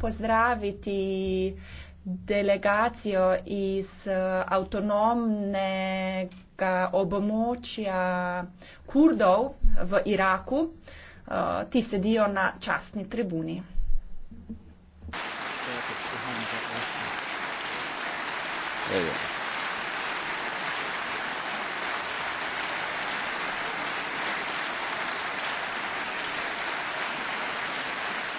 pozdraviti delegacijo iz eh, avtonomnega območja Kurdov v Iraku. Eh, ti sedijo na častni tribuni. Thank you.